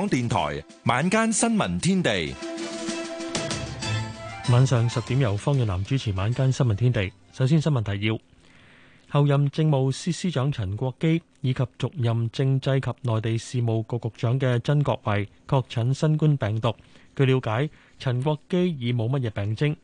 港電台晚間新聞天地，晚上十點由方潤南主持晚間新聞天地。首先新聞提要：候任政務司司長陳國基以及續任政制及內地事務局局長嘅曾國衛確診新冠病毒。據了解，陳國基已冇乜嘢病徵。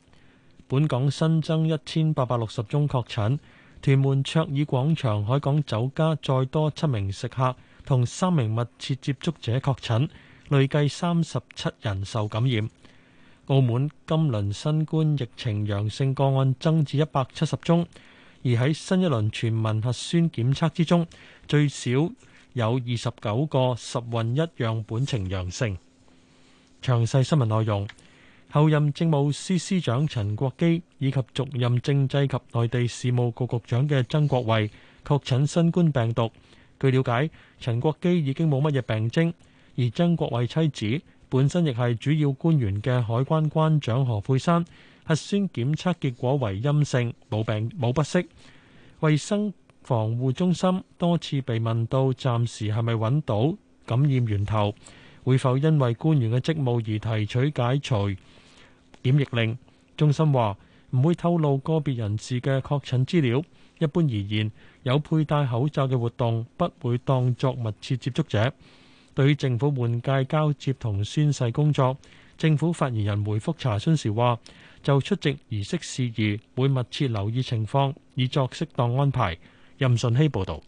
本港新增一千八百六十宗確診，屯門卓爾廣場海港酒家再多七名食客。同三名密切接觸者確診，累計三十七人受感染。澳門今輪新冠疫情陽性個案增至一百七十宗，而喺新一輪全民核酸檢測之中，最少有二十九個十混一樣本呈陽性。詳細新聞內容，候任政務司司長陳國基以及續任政制及內地事務局局長嘅曾國衛確診新冠病毒。據了解，陳國基已經冇乜嘢病徵，而曾國衛妻子本身亦係主要官員嘅海關關長何佩珊，核酸檢測結果為陰性，冇病冇不適。衛生防護中心多次被問到，暫時係咪揾到感染源頭，會否因為官員嘅職務而提取解除檢疫令？中心話唔會透露個別人士嘅確診資料。一般而言，有佩戴口罩嘅活動不會當作密切接觸者。對於政府換屆交接同宣誓工作，政府發言人回覆查詢時話，就出席儀式事宜，會密切留意情況，以作適當安排。任順熙報道。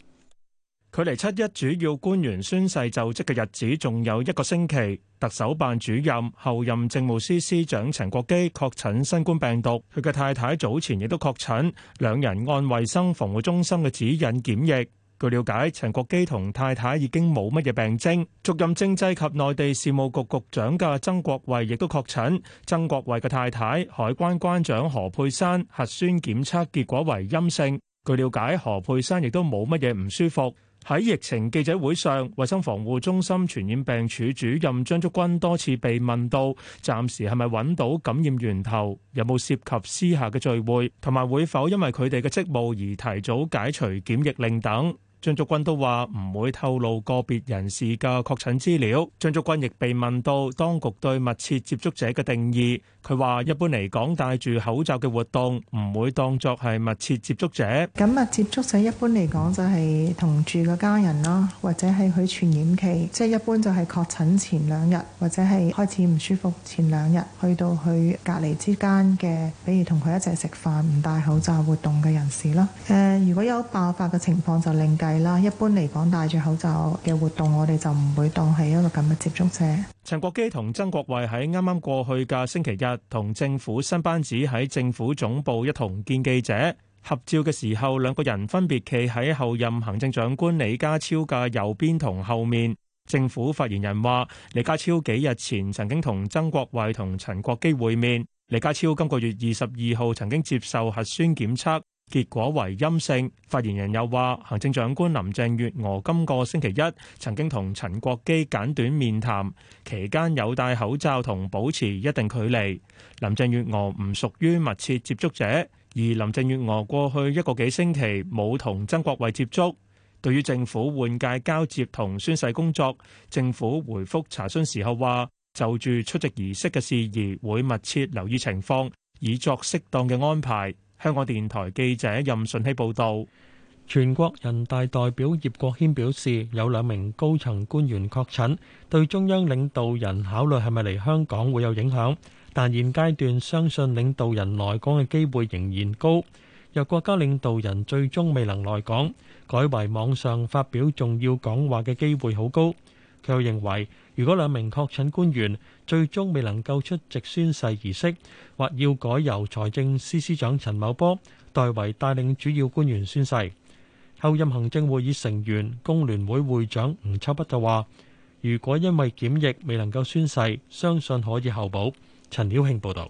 距離七一主要官員宣誓就職嘅日子仲有一個星期，特首辦主任、後任政務司司長陳國基確診新冠病毒，佢嘅太太早前亦都確診，兩人按衛生防護中心嘅指引檢疫。據了解，陳國基同太太已經冇乜嘢病徵。續任政制及內地事務局局長嘅曾國衛亦都確診，曾國衛嘅太太海關關長何佩珊核酸檢測結果為陰性。據了解，何佩珊亦都冇乜嘢唔舒服。喺疫情記者會上，衛生防護中心傳染病處主任張竹君多次被問到，暫時係咪揾到感染源頭，有冇涉及私下嘅聚會，同埋會否因為佢哋嘅職務而提早解除檢疫令等？張竹君都話唔會透露個別人士嘅確診資料。張竹君亦被問到當局對密切接觸者嘅定義，佢話一般嚟講，戴住口罩嘅活動唔會當作係密切接觸者。咁密切接觸者一般嚟講就係同住嘅家人啦，或者係佢傳染期，即係一般就係確診前兩日或者係開始唔舒服前兩日，去到去隔離之間嘅，比如同佢一齊食飯唔戴口罩活動嘅人士啦。誒，如果有爆發嘅情況就令介。係啦，一般嚟講戴住口罩嘅活動，我哋就唔會當係一個咁嘅接觸者。陳國基同曾國衛喺啱啱過去嘅星期日，同政府新班子喺政府總部一同見記者合照嘅時候，兩個人分別企喺候任行政長官李家超嘅右邊同後面。政府發言人話，李家超幾日前曾經同曾國衛同陳國基會面。李家超今個月二十二號曾經接受核酸檢測。結果為陰性。發言人又話：行政長官林鄭月娥今個星期一曾經同陳國基簡短面談，期間有戴口罩同保持一定距離。林鄭月娥唔屬於密切接觸者，而林鄭月娥過去一個幾星期冇同曾國衛接觸。對於政府換屆交接同宣誓工作，政府回覆查詢時候話：就住出席儀式嘅事宜，會密切留意情況，以作適當嘅安排。香港電台記者任順熙報道，全國人大代表葉國謙表示，有兩名高層官員確診，對中央領導人考慮係咪嚟香港會有影響，但現階段相信領導人來港嘅機會仍然高。若國家領導人最終未能來港，改為網上發表重要講話嘅機會好高。佢又認為。如果兩名確診官員最終未能夠出席宣誓儀式，或要改由財政司司長陳茂波代為帶領主要官員宣誓。候任行政會議成員工聯會會長吳秋北就話：如果因為檢疫未能夠宣誓，相信可以候補。陳曉慶報導。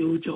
要再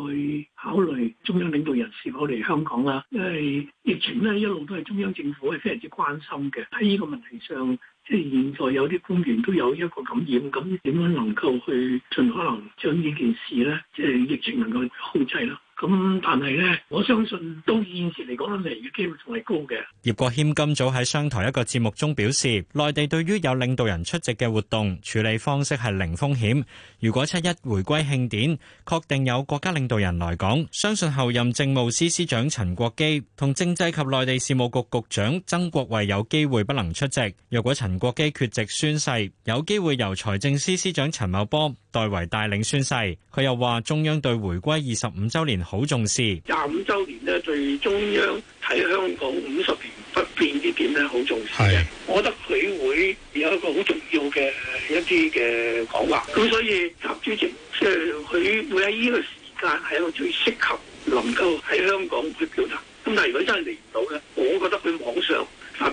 考慮中央領導人是否嚟香港啦，因為疫情呢一路都係中央政府係非常之關心嘅。喺呢個問題上，即係現在有啲官員都有一個感染，咁點樣能夠去盡可能將呢件事呢，即係疫情能夠控制咯。咁但係咧，我相信到現時嚟講，嚟嘅機會仲係高嘅。葉國謙今早喺商台一個節目中表示，內地對於有領導人出席嘅活動處理方式係零風險。如果七一回歸慶典確定有國家領導人來港，相信候任政務司司長陳國基同政制及內地事務局局長曾國衞有機會不能出席。若果陳國基缺席宣誓，有機會由財政司司長陳茂波，代為帶領宣誓，佢又話中央對回歸二十五周年好重視。廿五周年咧，對中央喺香港五十年不變呢點咧，好重視嘅。的我覺得佢會有一個好重要嘅一啲嘅講話，咁所以習主席即係佢會喺呢個時間係一個最適合能夠喺香港去表達。咁但係如果真係嚟唔到咧，我覺得佢網上。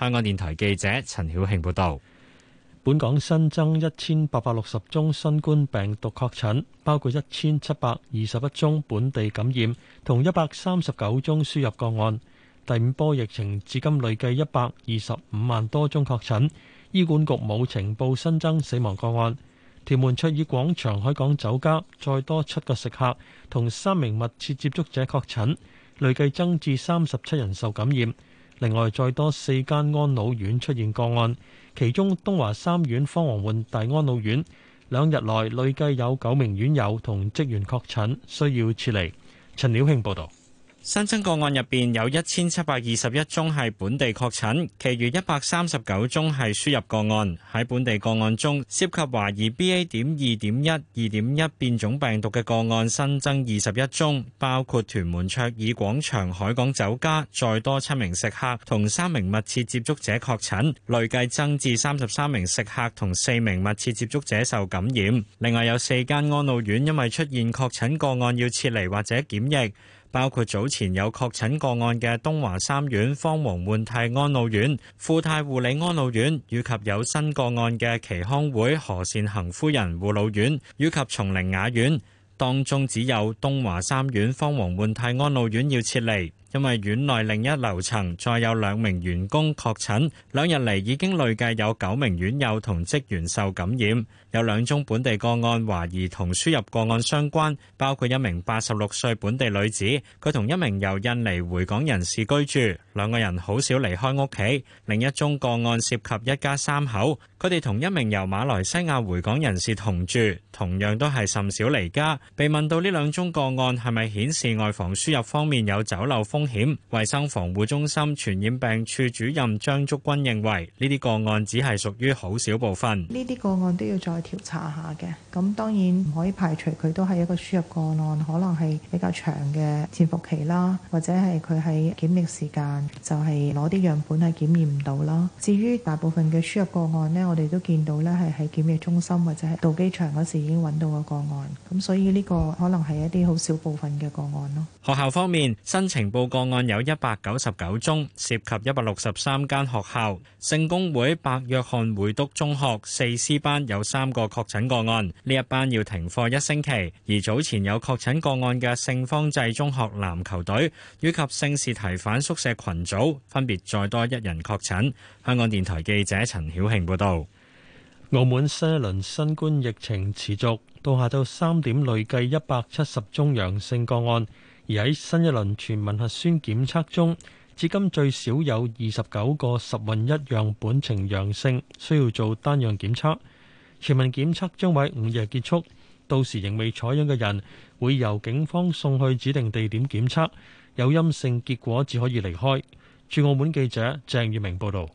香港電台記者陳曉慶報道，本港新增一千八百六十宗新冠病毒確診，包括一千七百二十一宗本地感染，同一百三十九宗輸入個案。第五波疫情至今累計一百二十五萬多宗確診。醫管局冇呈報新增死亡個案。屯門卓爾廣場海港酒家再多七個食客同三名密切接觸者確診，累計增至三十七人受感染。另外，再多四間安老院出現個案，其中東華三院方王煥大安老院兩日內累計有九名院友同職員確診，需要撤離，陳曉慶報道。新增個案入面有一千七百二十一宗係本地確診，其餘一百三十九宗係輸入個案。喺本地個案中，涉及懷疑 BA 點二點一二點一變種病毒嘅個案新增二十一宗，包括屯門卓爾廣場海港酒家再多七名食客同三名密切接觸者確診，累計增至三十三名食客同四名密切接觸者受感染。另外，有四間安老院因為出現確診個案要撤離或者檢疫。包括早前有確診個案嘅東華三院方黃煥泰安老院、富泰護理安老院，以及有新個案嘅耆康會何善衡夫人護老院，以及松齡雅苑，當中只有東華三院方黃煥泰安老院要撤離。因為院內另一樓層再有兩名員工確診，兩日嚟已經累計有九名院友同職員受感染，有兩宗本地個案懷疑同輸入個案相關，包括一名八十六歲本地女子，佢同一名由印尼回港人士居住，兩個人好少離開屋企；另一宗個案涉及一家三口，佢哋同一名由馬來西亞回港人士同住，同樣都係甚少離家。被問到呢兩宗個案係咪顯示外防輸入方面有走漏風風險，衛生防護中心傳染病處主任張竹君認為，呢啲個案只係屬於好少部分。呢啲個案都要再調查下嘅，咁當然唔可以排除佢都係一個輸入個案，可能係比較長嘅潛伏期啦，或者係佢喺檢疫時間就係攞啲樣本係檢驗唔到啦。至於大部分嘅輸入個案咧，我哋都見到咧係喺檢疫中心或者係到機場嗰時已經揾到個個案，咁所以呢個可能係一啲好少部分嘅個案咯。學校方面，申請報。個案有一百九十九宗，涉及一百六十三間學校。聖公會白約翰會督中學四 C 班有三個確診個案，呢一班要停課一星期。而早前有確診個案嘅聖方濟中學籃球隊，以及聖士提反宿舍群組，分別再多一人確診。香港電台記者陳曉慶報道。澳門新一輪新冠疫情持續，到下晝三點累計一百七十宗陽性個案。而喺新一輪全民核酸檢測中，至今最少有二十九個十混一樣本呈陽性，需要做單樣檢測，全民檢測將會午夜結束，到時仍未採樣嘅人會由警方送去指定地點檢測，有陰性結果只可以離開。駐澳門記者鄭月明報道。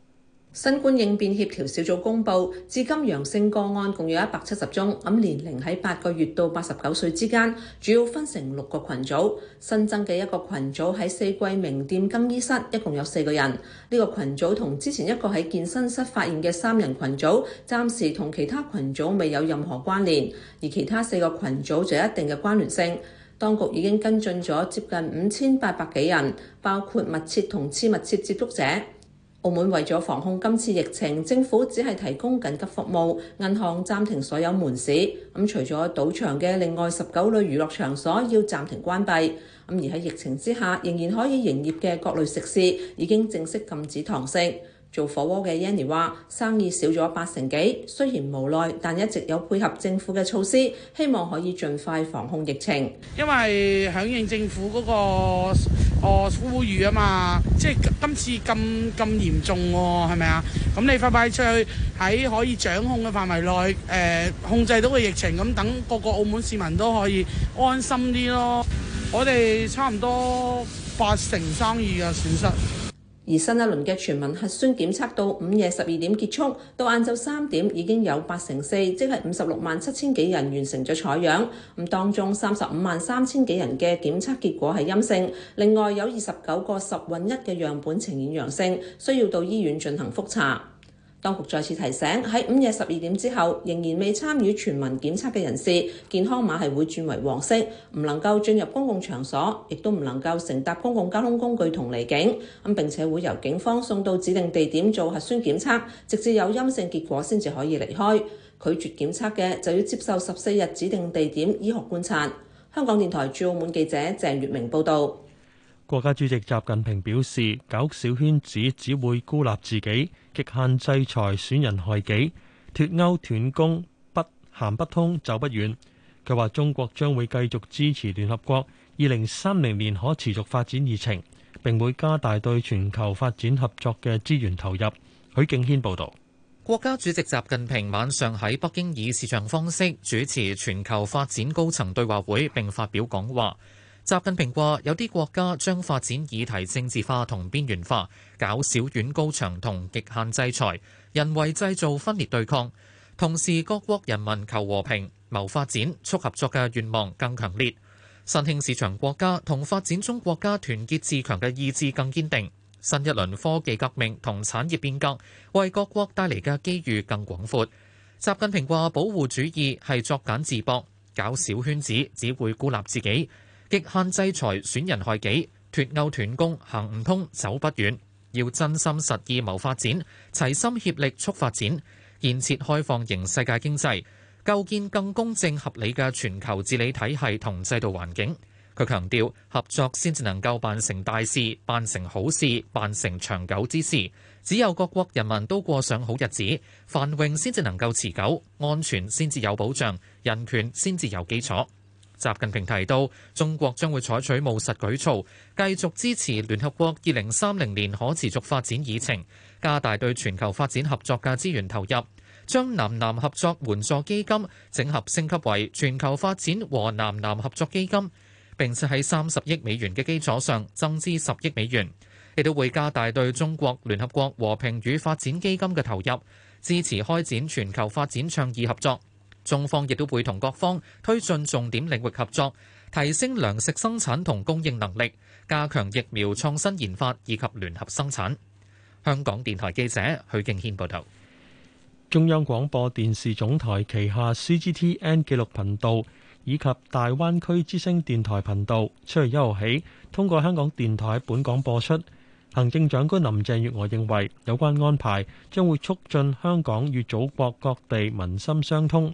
新冠應變協調小組公佈，至今陽性個案共有一百七十宗，咁年齡喺八個月到八十九歲之間，主要分成六個群組。新增嘅一個群組喺四季名店更衣室，一共有四個人。呢、這個群組同之前一個喺健身室發現嘅三人群組，暫時同其他群組未有任何關聯，而其他四個群組就有一定嘅關聯性。當局已經跟進咗接近五千八百幾人，包括密切同次密切接觸者。澳門為咗防控今次疫情，政府只係提供緊急服務，銀行暫停所有門市。咁除咗賭場嘅另外十九類娛樂場所要暫停關閉。咁而喺疫情之下，仍然可以營業嘅各類食肆已經正式禁止堂食。做火鍋嘅 Yanny 話：生意少咗八成幾，雖然無奈，但一直有配合政府嘅措施，希望可以盡快防控疫情。因為響應政府嗰、那個哦呼籲啊嘛，即係今次咁咁嚴重喎、哦，係咪啊？咁你快快出去喺可以掌控嘅範圍內，誒、呃、控制到個疫情，咁等個個澳門市民都可以安心啲咯。 我哋差唔多八成生意嘅損失。而新一輪嘅全民核酸檢測到午夜十二點結束，到晏晝三點已經有八成四，即係五十六萬七千幾人完成咗採樣。咁當中三十五萬三千幾人嘅檢測結果係陰性，另外有二十九個十混一嘅樣本呈現陽性，需要到醫院進行覆查。當局再次提醒，喺午夜十二點之後仍然未參與全民檢測嘅人士，健康碼係會轉為黃色，唔能夠進入公共場所，亦都唔能夠乘搭公共交通工具同離境。咁並且會由警方送到指定地點做核酸檢測，直至有陰性結果先至可以離開。拒絕檢測嘅就要接受十四日指定地點醫學觀察。香港電台駐澳門記者鄭月明報導。國家主席習近平表示，搞小圈子只會孤立自己，極限制裁，損人害己，脱鉤斷供不行不通走不遠。佢話中國將會繼續支持聯合國，二零三零年可持續發展議程，並會加大對全球發展合作嘅資源投入。許敬軒報導。國家主席習近平晚上喺北京以視像方式主持全球發展高層對話會，並發表講話。習近平話：有啲國家將發展議題政治化同邊緣化，搞小院高牆同極限制裁，人為製造分裂對抗。同時，各國人民求和平、謀發展、促合作嘅願望更強烈，新興市場國家同發展中國家團結自強嘅意志更堅定。新一輪科技革命同產業變革為各國帶嚟嘅機遇更廣闊。習近平話：保護主義係作繭自縛，搞小圈子只會孤立自己。極限制裁損人害己，脫鉤斷供行唔通走不遠，要真心實意謀發展，齊心協力促發展，建設開放型世界經濟，構建更公正合理嘅全球治理體系同制度環境。佢強調，合作先至能夠辦成大事、辦成好事、辦成長久之事。只有各國人民都過上好日子、繁榮先至能夠持久，安全先至有保障，人權先至有基礎。習近平提到，中國將會採取務實舉措，繼續支持聯合國二零三零年可持續發展議程，加大對全球發展合作嘅資源投入，將南南合作援助基金整合升級為全球發展和南南合作基金，並且喺三十億美元嘅基礎上增資十億美元，亦都會加大對中國聯合國和平與發展基金嘅投入，支持開展全球發展倡議合作。中方亦都會同各方推進重點領域合作，提升糧食生產同供應能力，加強疫苗創新研發以及聯合生產。香港電台記者許敬軒報道。中央廣播電視總台旗下 CGTN 紀錄頻道以及大灣區之聲電台頻道，七月一號起通過香港電台本港播出。行政長官林鄭月娥認為，有關安排將會促進香港與祖國各地民心相通。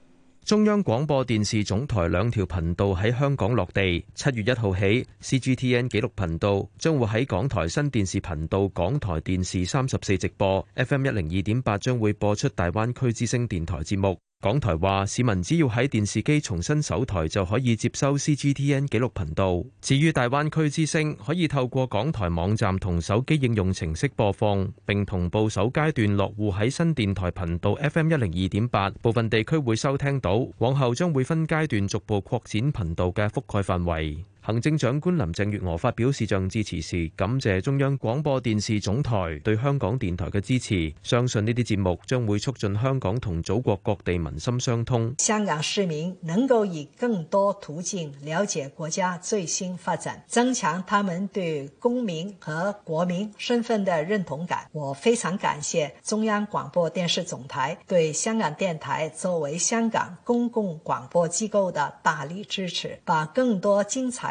中央廣播電視總台兩條頻道喺香港落地，七月一號起，CGTN 紀錄頻道將會喺港台新電視頻道港台電視三十四直播，FM 一零二點八將會播出大灣區之聲電台節目。港台話市民只要喺電視機重新搜台就可以接收 CGTN 紀錄頻道。至於大灣區之聲，可以透過港台網站同手機應用程式播放，並同步首階段落戶喺新電台頻道 FM 一零二點八，部分地區會收聽到。往後將會分階段逐步擴展頻道嘅覆蓋範圍。行政長官林鄭月娥發表視像致辭時，感謝中央廣播電視總台對香港電台嘅支持，相信呢啲節目將會促進香港同祖國各地民心相通。香港市民能夠以更多途徑了解國家最新發展，增強他們對公民和國民身份的認同感。我非常感謝中央廣播電視總台對香港電台作為香港公共廣播機構的大力支持，把更多精彩。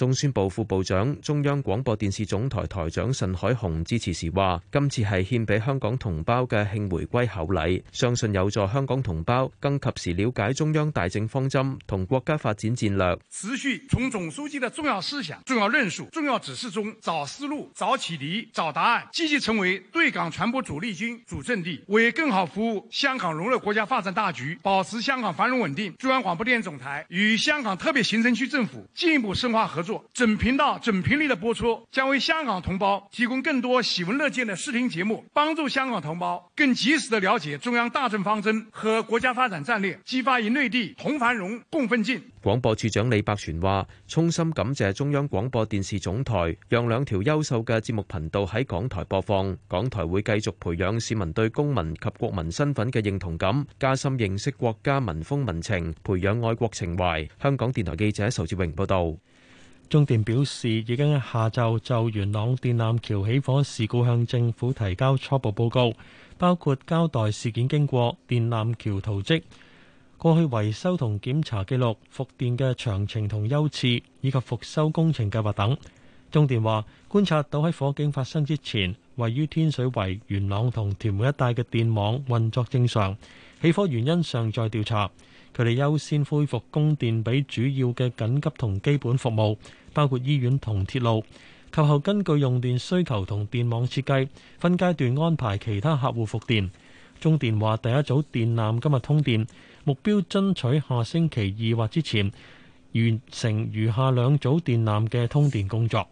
中宣部副部長、中央廣播電視總台台長慎海雄致辭時話，今次係獻俾香港同胞嘅慶回歸厚禮，相信有助香港同胞更及時了解中央大政方針同國家發展戰略。持續從總書記的重要思想、重要論述、重要指示中找思路、找啟迪、找答案，積極成為對港傳播主力軍、主陣地，為更好服務香港融入國家發展大局、保持香港繁榮穩定。中央廣播電視總台與香港特別行政區政府進一步深化合作。整頻道、整頻率的播出，將為香港同胞提供更多喜聞樂見的視聽節目，幫助香港同胞更及時的了解中央大政方針和國家發展戰略，激發與內地同繁榮共奮進。廣播處長李百全話，衷心感謝中央廣播電視總台，讓兩條優秀嘅節目頻道喺港台播放。港台會繼續培養市民對公民及國民身份嘅認同感，加深認識國家民風民情，培養愛國情懷。香港電台記者仇志榮報道。中電表示，已經下晝就元朗電纜橋起火事故向政府提交初步報告，包括交代事件經過、電纜橋圖迹、過去維修同檢查記錄、復電嘅詳情同優次，以及復修工程計劃等。中電話觀察到喺火警發生之前，位於天水圍、元朗同屯門一帶嘅電網運作正常，起火原因尚在調查。佢哋優先恢復供電俾主要嘅緊急同基本服務。包括醫院同鐵路，及後根據用電需求同電網設計，分階段安排其他客戶復電。中電話第一組電纜今日通電，目標爭取下星期二或之前完成餘下兩組電纜嘅通電工作。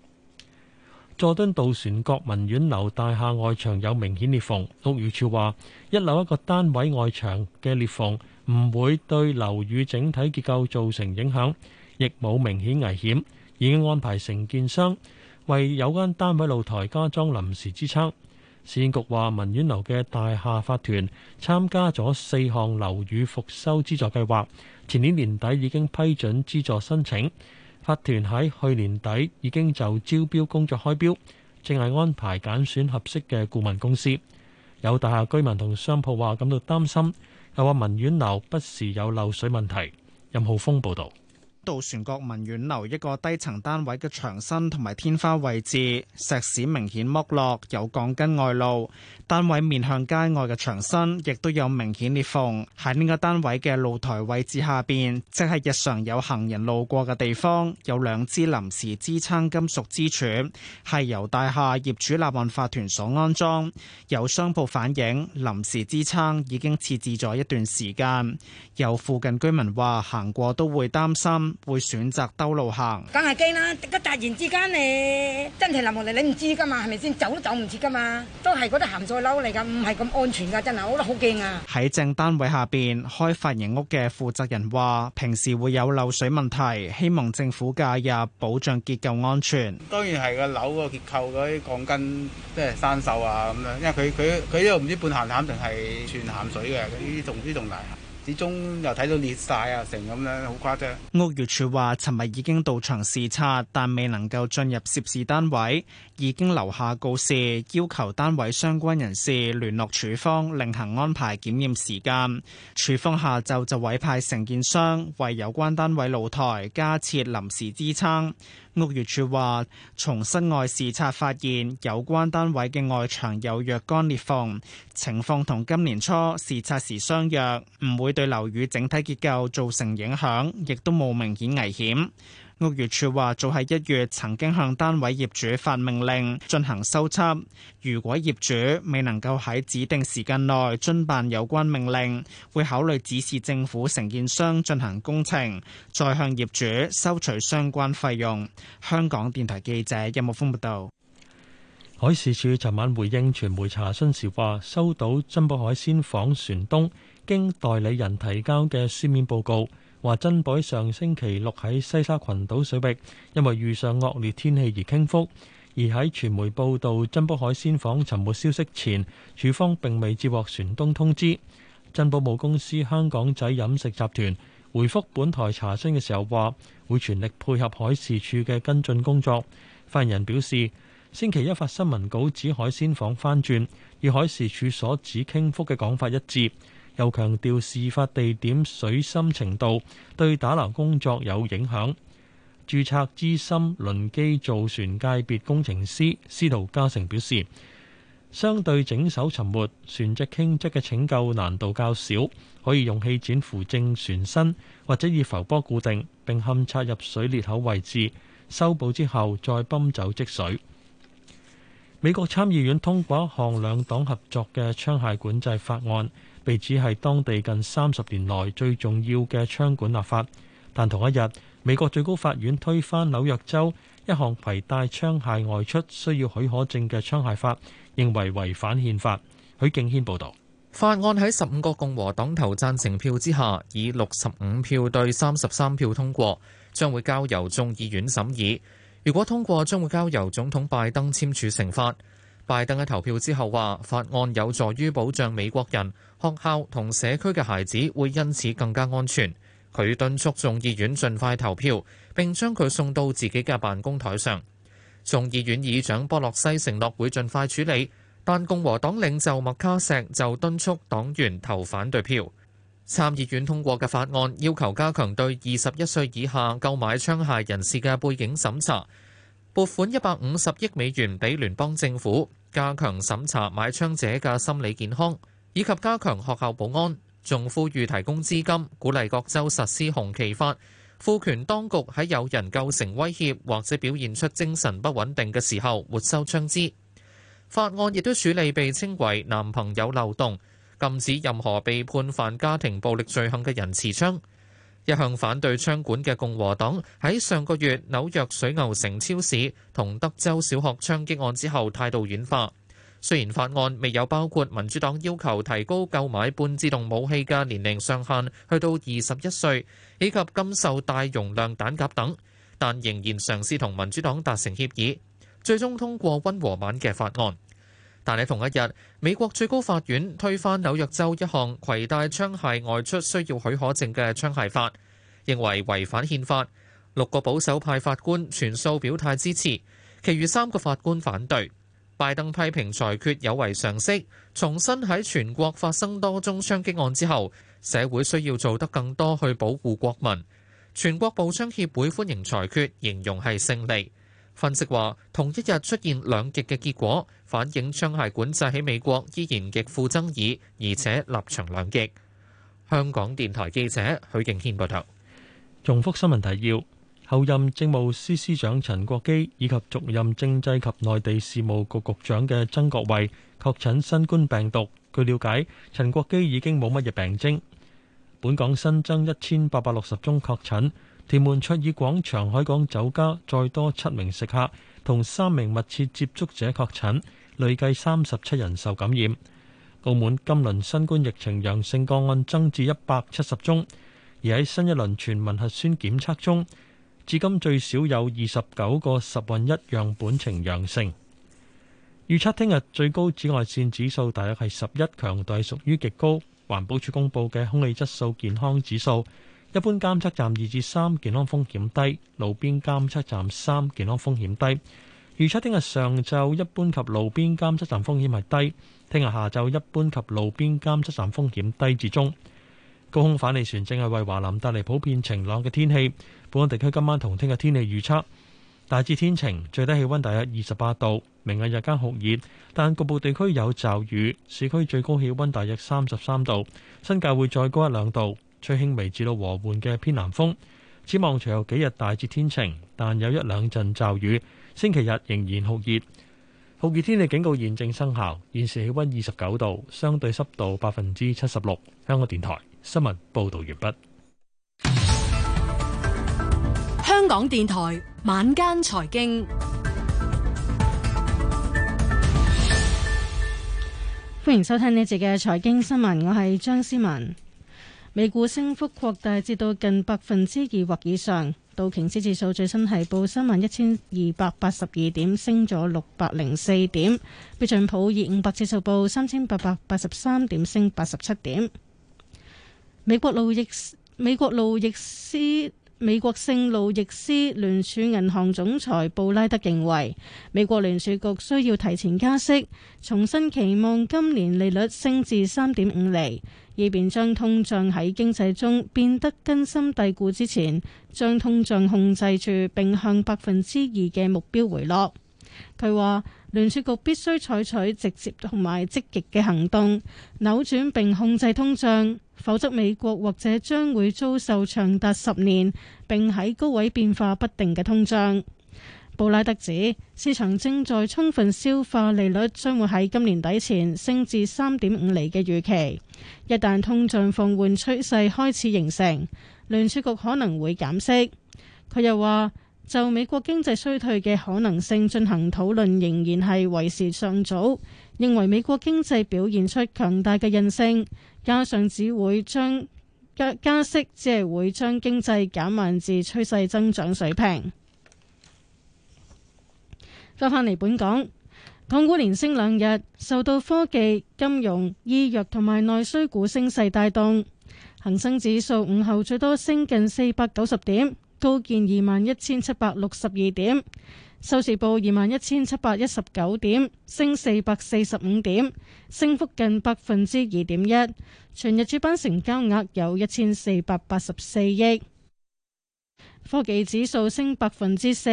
佐敦渡船國民院樓大廈外牆有明顯裂縫，屋宇署話：一樓一個單位外牆嘅裂縫唔會對樓宇整體結構造成影響，亦冇明顯危險。已經安排承建商為有間單位露台加裝臨時支撐。市建局話：文苑樓嘅大廈法團參加咗四項樓宇復修資助計劃，前年年底已經批准資助申請。法團喺去年底已經就招標工作開標，正係安排簡選合適嘅顧問公司。有大廈居民同商鋪話感到擔心，又話文苑樓不時有漏水問題。任浩峰報導。渡船國文苑樓一個低層單位嘅牆身同埋天花位置，石屎明顯剝落，有鋼筋外露。單位面向街外嘅牆身亦都有明顯裂縫。喺呢個單位嘅露台位置下邊，即係日常有行人路過嘅地方，有兩支臨時支撐金屬支柱，係由大廈業主立案法團所安裝。有商鋪反映，臨時支撐已經設置咗一段時間。有附近居民話，行過都會擔心。會選擇兜路行，梗係驚啦！突然之間你真係淋落嚟，你唔知噶嘛，係咪先，走都走唔切噶嘛，都係嗰啲鹹水樓嚟噶，唔係咁安全噶，真係我覺得好驚啊！喺正單位下邊開髮型屋嘅負責人話，平時會有漏水問題，希望政府介入保障結構安全。當然係個樓個結構嗰啲鋼筋即係生銹啊咁樣，因為佢佢佢呢度唔知半鹹淡定係全鹹水嘅，呢啲仲呢啲仲大。始終又睇到裂晒啊，成咁樣好誇張。屋宇署話，尋日已經到場視察，但未能夠進入涉事單位，已經留下告示，要求單位相關人士聯絡署方，另行安排檢驗時間。署方下晝就委派承建商為有關單位露台加設臨時支撐。屋宇署話，從室外視察發現有關單位嘅外牆有若干裂縫，情況同今年初視察時相若，唔會對樓宇整體結構造成影響，亦都冇明顯危險。屋宇署話，早喺一月曾經向單位業主發命令進行修葺，如果業主未能夠喺指定時間內遵辦有關命令，會考慮指示政府承建商進行工程，再向業主收取相關費用。香港電台記者任木峰報道。海事處尋晚回應傳媒查詢時話，收到珍寶海鮮舫船東經代理人提交嘅書面報告。話珍寶上星期六喺西沙群島水域，因為遇上惡劣天氣而傾覆。而喺傳媒報道珍寶海鮮舫沉沒消息前，處方並未接獲船東通知。珍寶母公司香港仔飲食集團回覆本台查詢嘅時候話，會全力配合海事處嘅跟進工作。發言人表示，星期一發新聞稿指海鮮舫翻轉，與海事處所指傾覆嘅講法一致。又強調事發地點水深程度對打撈工作有影響。註冊資深輪機造船界別工程師司徒嘉誠表示，相對整艘沉沒、船隻傾側嘅拯救難度較少，可以用氣墊扶正船身，或者以浮波固定，並勘察入水裂口位置，修補之後再泵走積水。美國參議院通過一項兩黨合作嘅槍械管制法案，被指係當地近三十年來最重要嘅槍管立法。但同一日，美國最高法院推翻紐約州一項攜帶槍械外出需要許可證嘅槍械法，認為違反憲法。許敬軒報導，法案喺十五個共和黨投贊成票之下，以六十五票對三十三票通過，將會交由眾議院審議。如果通過，將會交由總統拜登簽署成法。拜登喺投票之後話：法案有助於保障美國人、學校同社區嘅孩子會因此更加安全。佢敦促眾議院盡快投票，並將佢送到自己嘅辦公台上。眾議院議長波洛西承諾會盡快處理，但共和黨領袖麥卡錫就敦促黨員投反對票。參議院通過嘅法案要求加強對二十一歲以下購買槍械人士嘅背景審查，撥款一百五十億美元俾聯邦政府，加強審查買槍者嘅心理健康，以及加強學校保安。仲呼籲提供資金，鼓勵各州實施紅旗法，賦權當局喺有人構成威脅或者表現出精神不穩定嘅時候沒收槍支。法案亦都處理被稱為男朋友漏洞。禁止任何被判犯家庭暴力罪行嘅人持槍。一向反對槍管嘅共和黨喺上個月紐約水牛城超市同德州小學槍擊案之後態度軟化。雖然法案未有包括民主黨要求提高購買半自動武器嘅年齡上限去到二十一歲，以及禁售大容量彈夾等，但仍然嘗試同民主黨達成協議，最終通過溫和版嘅法案。但喺同一日，美國最高法院推翻紐約州一項攜帶槍械外出需要許可證嘅槍械法，認為違反憲法。六個保守派法官全數表態支持，其餘三個法官反對。拜登批評裁決有違常識，重新喺全國發生多宗槍擊案之後，社會需要做得更多去保護國民。全國步槍協會歡迎裁決，形容係勝利。分析話，同一日出現兩極嘅結果，反映槍械管制喺美國依然極富爭議，而且立場兩極。香港電台記者許敬軒報導。重複新聞提要：候任政務司司長陳國基以及續任政制及內地事務局局局長嘅曾國衛確診新冠病毒。據了解，陳國基已經冇乜嘢病徵。本港新增一千八百六十宗確診。屯門卓爾廣場海港酒家再多七名食客同三名密切接觸者確診，累計三十七人受感染。澳門今輪新冠疫情陽性個案增至一百七十宗，而喺新一輪全民核酸檢測中，至今最少有二十九個十萬一樣本呈陽性。預測聽日最高紫外線指數大約係十一，強度屬於極高。環保署公布嘅空氣質素健康指數，一般監測站二至三健康風險低，路邊監測站三健康風險低。預測聽日上晝一般及路邊監測站風險係低，聽日下晝一般及路邊監測站風險低至中。高空反氣旋正係為華南帶嚟普遍晴朗嘅天氣。本港地區今晚同聽日天氣預測，大致天晴，最低氣温大約二十八度。明日日間酷熱，但局部地區有驟雨。市區最高氣温大約三十三度，新界會再高一兩度。吹輕微至到和緩嘅偏南風，展望隨後幾日大致天晴，但有一兩陣驟雨。星期日仍然酷熱，酷熱天氣警告現正生效。現時氣溫二十九度，相對濕度百分之七十六。香港電台新聞報道完畢。香港電台晚間財經，歡迎收聽呢節嘅財經新聞，我係張思文。美股升幅擴大至到近百分之二或以上，道瓊斯指數最新係報三萬一千二百八十二點，升咗六百零四點；標準普爾五百指數報三千八百八十三點，升八十七點。美國路易美國路易斯美國聖路易斯聯儲銀行總裁布拉德認為，美國聯儲局需要提前加息，重新期望今年利率升至三點五厘，以便將通脹喺經濟中變得根深蒂固之前，將通脹控制住，並向百分之二嘅目標回落。佢話：聯儲局必須採取直接同埋積極嘅行動，扭轉並控制通脹，否則美國或者將會遭受長達十年並喺高位變化不定嘅通脹。布拉德指，市場正在充分消化利率將會喺今年底前升至三點五厘嘅預期，一旦通脹放緩趨勢開始形成，聯儲局可能會減息。佢又話，就美國經濟衰退嘅可能性進行討論，仍然係為時尚早。認為美國經濟表現出強大嘅韌性，加上只會將加，加息只係會將經濟減慢至趨勢增長水平。翻返嚟本港，港股連升兩日，受到科技、金融、醫藥同埋內需股升勢帶動，恒生指數午後最多升近四百九十點。高見二萬一千七百六十二點，收市報二萬一千七百一十九點，升四百四十五點，升幅近百分之二點一。全日主板成交額有一千四百八十四億。科技指數升百分之四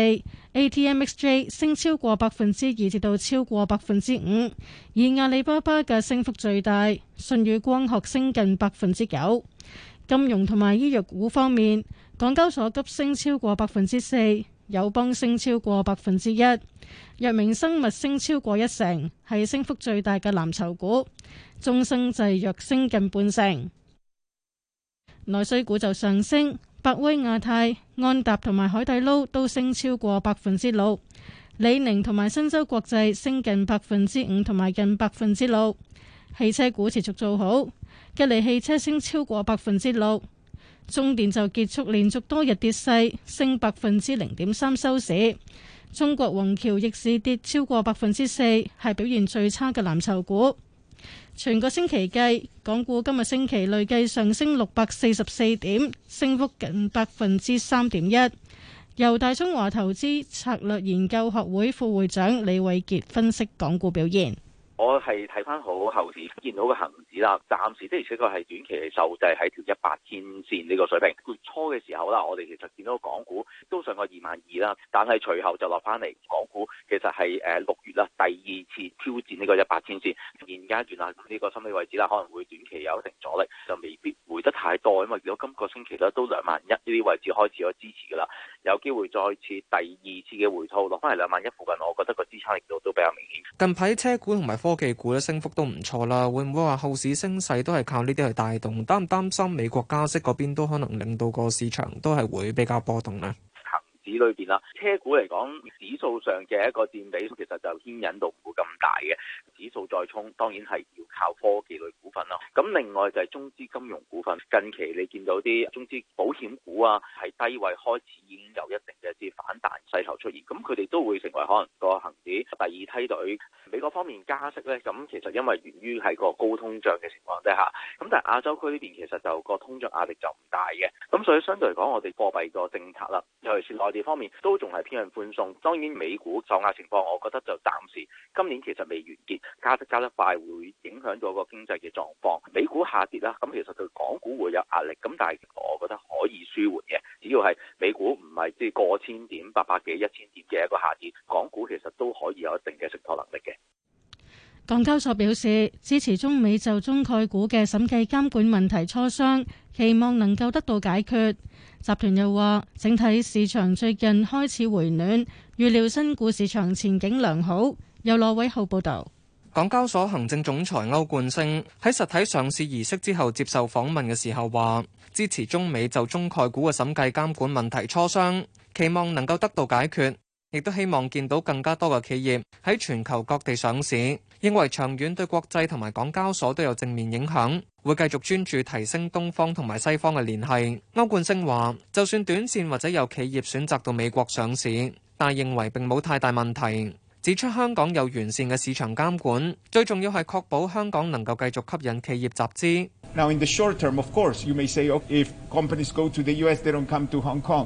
，A T M X J 升超過百分之二，至到超過百分之五。而阿里巴巴嘅升幅最大，舜宇光學升近百分之九。金融同埋醫藥股方面。港交所急升超過百分之四，友邦升超過百分之一，藥明生物升超過一成，係升幅最大嘅藍籌股。中生製藥升近半成，內需股就上升，百威亞太、安踏同埋海底撈都升超過百分之六，李寧同埋新洲國際升近百分之五同埋近百分之六。汽車股持續做好，吉利汽車升超過百分之六。中電就結束連續多日跌勢，升百分之零點三收市。中國宏橋逆市跌超過百分之四，係表現最差嘅藍籌股。全個星期計，港股今日星期累計上升六百四十四點，升幅近百分之三點一。由大中華投資策略研究學會副會長李偉傑分析港股表現，我係睇翻好後市見到嘅行。啦，暫時即係，而且確係短期係受制喺條一百天線呢個水平。月初嘅時候啦，我哋其實見到港股都上過二萬二啦，但係隨後就落翻嚟。港股其實係誒六月啦，第二次挑戰呢個一百天線。而家完啦，呢個心理位置啦，可能會短期有一定阻力，就未必回得太多因嘛。如果今個星期咧都兩萬一呢啲位置開始有支持噶啦，有機會再次第二次嘅回吐落翻嚟兩萬一附近，我覺得個支撐力度都比較明顯。近排車股同埋科技股咧升幅都唔錯啦，會唔會話後市？市升勢都係靠呢啲去帶動，擔唔擔心美國加息嗰邊都可能令到個市場都係會比較波動咧？恆指裏邊啦，車股嚟講。指數上嘅一個佔比其實就牽引到唔會咁大嘅指數再衝，當然係要靠科技類股份咯。咁另外就係中資金融股份，近期你見到啲中資保險股啊，係低位開始已經有一定嘅啲反彈勢頭出現，咁佢哋都會成為可能個恒指第二梯隊。美國方面加息呢，咁其實因為源於係個高通脹嘅情況之下，咁但係亞洲區呢邊其實就個通脹壓力就唔大嘅，咁所以相對嚟講，我哋貨幣個政策啦，尤其是內地方面都仲係偏向寬鬆。今年美股受壓情況，我覺得就暫時今年其實未完結，加息加得快會影響咗個經濟嘅狀況。美股下跌啦、啊，咁其實對港股會有壓力，咁但係我覺得可以舒緩嘅，只要係美股唔係即係過千點、八百幾、一千點嘅一個下跌，港股其實都可以有一定嘅承托能力嘅。港交所表示，支持中美就中概股嘅審計監管問題磋商，期望能夠得到解決。集團又話，整體市場最近開始回暖，預料新股市場前景良好。由羅偉浩報導。港交所行政總裁歐冠升喺實體上市儀式之後接受訪問嘅時候話，支持中美就中概股嘅審計監管問題磋商，期望能夠得到解決，亦都希望見到更加多嘅企業喺全球各地上市。認為長遠對國際同埋港交所都有正面影響，會繼續專注提升東方同埋西方嘅聯繫。歐冠星話：就算短線或者有企業選擇到美國上市，但係認為並冇太大問題。指出香港有完善嘅市場監管，最重要係確保香港能夠繼續吸引企業集資。Now in the short term, of course, you may say if companies go to the US, they don't come to Hong Kong.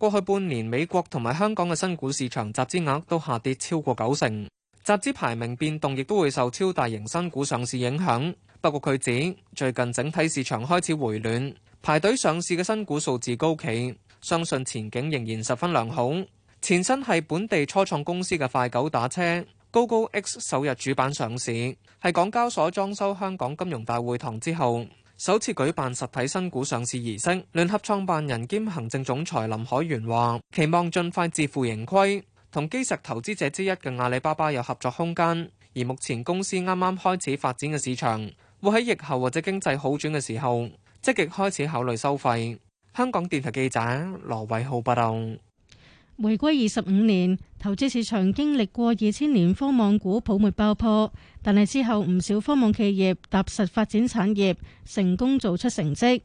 過去半年，美國同埋香港嘅新股市場集資額都下跌超過九成，集資排名變動亦都會受超大型新股上市影響。不過佢指，最近整體市場開始回暖，排隊上市嘅新股數字高企，相信前景仍然十分良好。前身係本地初創公司嘅快狗打車，GoGoX 首日主板上市，係港交所裝修香港金融大會堂之後，首次舉辦實體新股上市儀式，聯合創辦人兼行政總裁林海源話：期望盡快自負盈虧，同基石投資者之一嘅阿里巴巴有合作空間。而目前公司啱啱開始發展嘅市場，會喺疫後或者經濟好轉嘅時候，積極開始考慮收費。香港電台記者羅偉浩報道。回歸二十五年，投資市場經歷過二千年科網股泡沫爆破，但係之後唔少科網企業踏實發展產業，成功做出成績。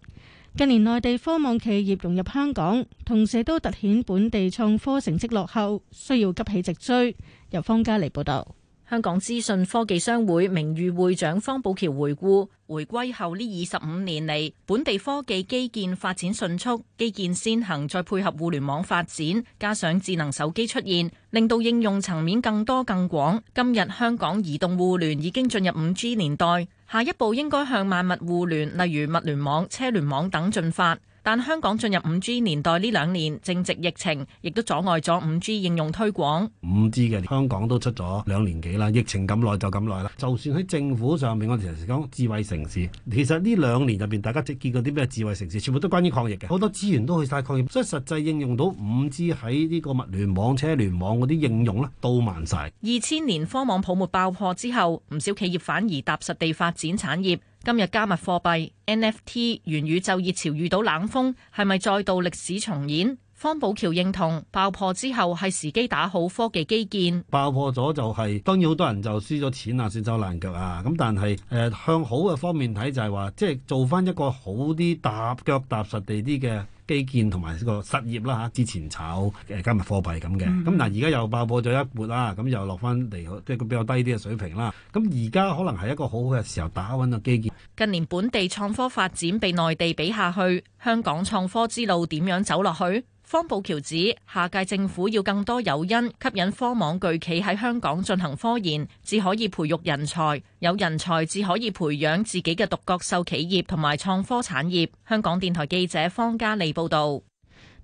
近年內地科網企業融入香港，同時都凸顯本地創科成績落後，需要急起直追。由方嘉莉報道。香港資訊科技商會名譽會長方寶橋回顧，回歸後呢二十五年嚟，本地科技基建發展迅速，基建先行再配合互聯網發展，加上智能手機出現，令到應用層面更多更廣。今日香港移動互聯已經進入五 G 年代，下一步應該向萬物互聯，例如物聯網、車聯網等進發。但香港進入 5G 年代呢兩年，正值疫情，亦都阻礙咗 5G 應用推廣。5G 嘅香港都出咗兩年幾啦，疫情咁耐就咁耐啦。就算喺政府上面，我哋成日講智慧城市，其實呢兩年入邊，大家直見過啲咩智慧城市？全部都關於抗疫嘅，好多資源都去晒抗疫，所以實際應用到 5G 喺呢個物聯網、車聯網嗰啲應用咧，都慢晒。二千年科網泡沫爆破之後，唔少企業反而踏實地發展產業。今日加密貨幣 NFT、元宇宙熱潮遇到冷風，係咪再度歷史重演？方寶橋認同爆破之後係時機打好科技基建。爆破咗就係、是、當然好多人就輸咗錢啊，算走爛腳啊。咁但係誒、呃、向好嘅方面睇就係話，即係做翻一個好啲踏腳踏實地啲嘅。基建同埋呢個實業啦嚇，之前炒誒加密貨幣咁嘅，咁嗱而家又爆破咗一撥啦，咁又落翻嚟即係個比較低啲嘅水平啦。咁而家可能係一個好好嘅時候打穩個基建。近年本地創科發展被內地比下去，香港創科之路點樣走落去？方寶橋指，下屆政府要更多誘因吸引科網巨企喺香港進行科研，只可以培育人才，有人才至可以培養自己嘅獨角獸企業同埋創科產業。香港電台記者方嘉莉報道。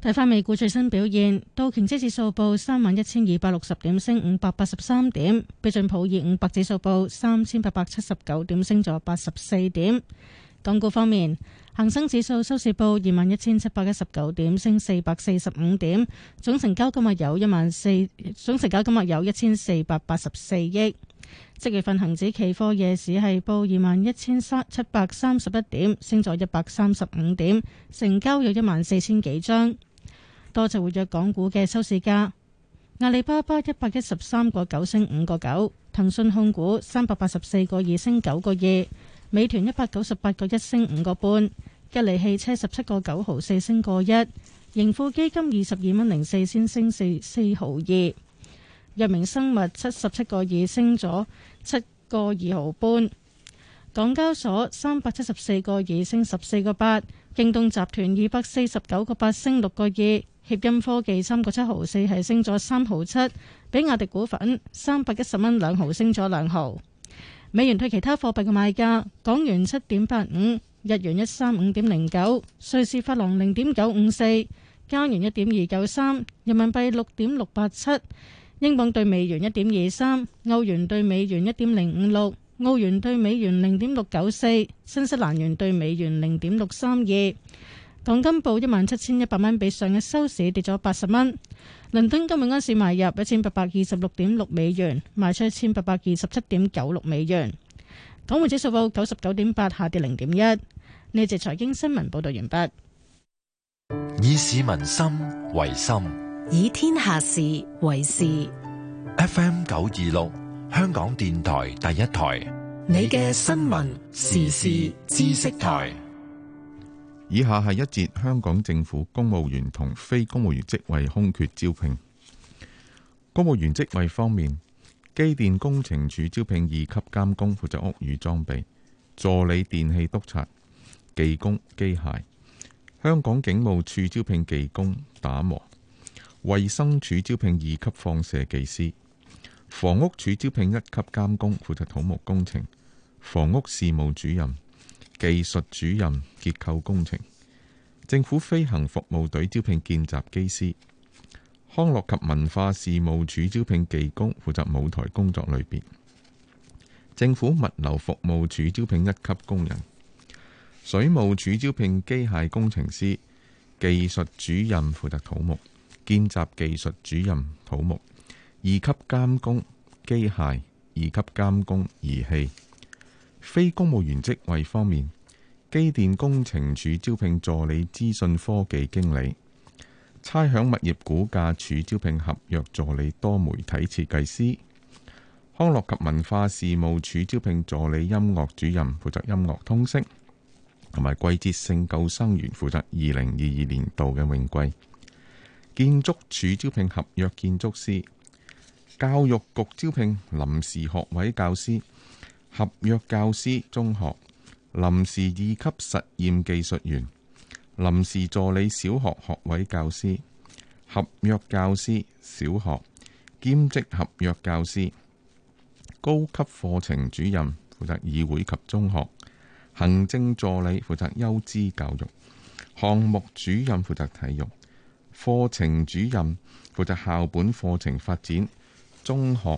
睇返美股最新表現，道瓊斯指數報三萬一千二百六十點，點升五百八十三點；標準普爾五百指數報三千八百七十九點，升咗八十四點。港股方面。恒生指數收市報二萬一千七百一十九點，升四百四十五點，總成交金額有一萬四，總成交金額有一千四百八十四億。即月份恒指期貨夜市係報二萬一千三七百三十一點，升咗一百三十五點，成交有一萬四千幾張。多隻活躍港股嘅收市價，阿里巴巴一百一十三個九升五個九，騰訊控股三百八十四個二升九個二。美團一百九十八個一升五個半，吉利汽車十七個九毫四升個一，盈富基金二十二蚊零四先升四四毫二，藥明生物七十七個二升咗七個二毫半，港交所三百七十四個二升十四個八，京東集團二百四十九個八升六個二，協鑫科技三個七毫四係升咗三毫七，比亞迪股份三百一十蚊兩毫升咗兩毫。美元兌其他貨幣嘅賣價：港元七點八五，日元一三五點零九，瑞士法郎零點九五四，加元一點二九三，人民幣六點六八七，英鎊兌美元一點二三，歐元兌美元一點零五六，澳元兌美元零點六九四，新西蘭元兌美元零點六三二。港金報一萬七千一百蚊，比上日收市跌咗八十蚊。倫敦金每安士買入一千八百二十六點六美元，賣出一千八百二十七點九六美元。港匯指數報九十九點八，下跌零點一。呢節財經新聞報道完畢。以市民心為心，以天下事為事。FM 九二六，香港電台第一台，你嘅新聞時事知識台。以下係一節香港政府公務員同非公務員職位空缺招聘。公務員職位方面，機電工程署招聘二級監工，負責屋宇裝備、助理電器督察、技工、機械；香港警務處招聘技工打磨；衛生署招聘二級放射技師；房屋署招聘一級監工，負責土木工程、房屋事務主任。技術主任結構工程，政府飛行服務隊招聘見習機師，康樂及文化事務署招聘技工負責舞台工作類別，政府物流服務署招聘一級工人，水務署招聘機械工程師，技術主任負責土木，見習技術主任土木，二級監工機械，二級監工儀器。非公務員職位方面，機電工程處招聘助理資訊科技經理；差餉物業估價署招聘合約助理多媒體設計師；康樂及文化事務署招聘助理音樂主任，負責音樂通識；同埋季節性救生員負責二零二二年度嘅泳季；建築署招聘合約建築師；教育局招聘臨時學位教師。合約教師中學、臨時二級實驗技術員、臨時助理小學學位教師、合約教師小學、兼職合約教師、高級課程主任負責議會及中學、行政助理負責優資教育、項目主任負責體育、課程主任負責校本課程發展、中學。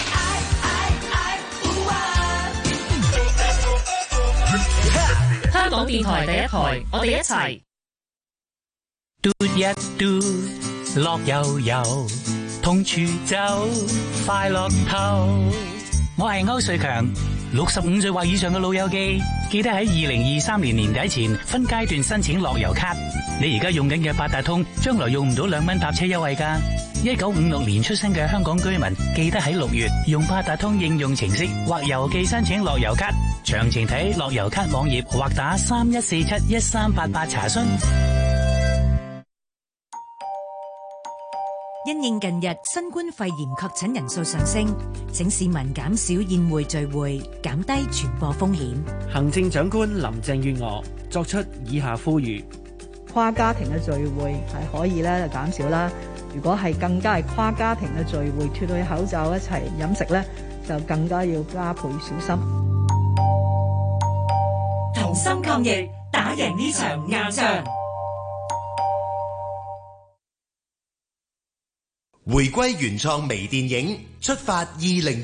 香港電台第一台，我哋一齊。嘟一嘟，樂悠悠，同處走，快樂透。我係歐瑞強，六十五歲或以上嘅老友記，記得喺二零二三年年底前分階段申請樂悠咭。你而家用緊嘅八達通，將來用唔到兩蚊搭車優惠噶。一九五六年出生嘅香港居民，記得喺六月用八達通應用程式或郵寄申請樂悠咭。詳情睇樂悠咭網頁或打三一四七一三八八查詢。因應近日新冠肺炎確診人數上升，請市民減少宴會聚會，減低傳播風險。行政長官林鄭月娥作出以下呼籲：跨家庭嘅聚會係可以咧減少啦，如果係更加係跨家庭嘅聚會，脫去口罩一齊飲食咧，就更加要加倍小心。同心抗疫，打贏呢場硬仗。回歸原創微電影《出發二零二二》，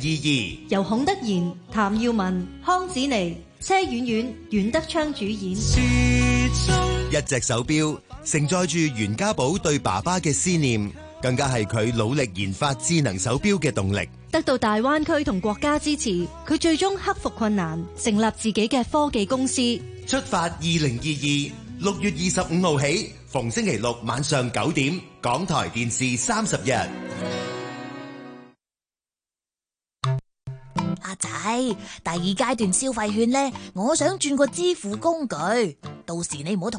由孔德賢、譚耀文、康子妮、車婉婉、阮德昌主演。一隻手表承載住袁家寶對爸爸嘅思念，更加係佢努力研發智能手表嘅動力。得到大灣區同國家支持，佢最終克服困難，成立自己嘅科技公司。出發二零二二。六月二十五號起，逢星期六晚上九點，港台電視三十日。阿仔，第二階段消費券咧，我想轉個支付工具，到時你唔好同。